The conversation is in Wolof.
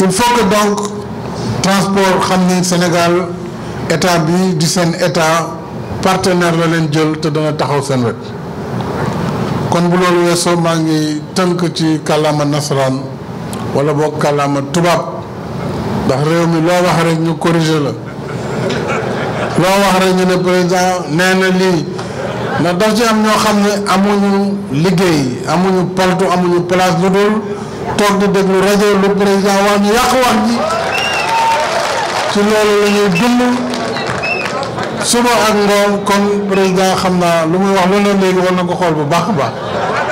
il faut que donc transport xam ni Sénégal état bi di seen état partenaire la leen jël te dana taxaw seen wet kon bu loolu weesoo maa ngi tënk ci kàllaama nasaraan wala boog kàllaama tubaab ndax réew mi loo wax rek ñu corriger la loo wax rek ñu ne président nee na lii ndax daf ci am ñoo xam ne amuñu liggéey amuñu paltu amuñu place lu dul toog di déglu rajo lu président wax ñu yàq wax ji ci loolu la ñuy dund suba ak kon président xam naa lu muy wax lu ne léegi war na ko xool bu baax a baax.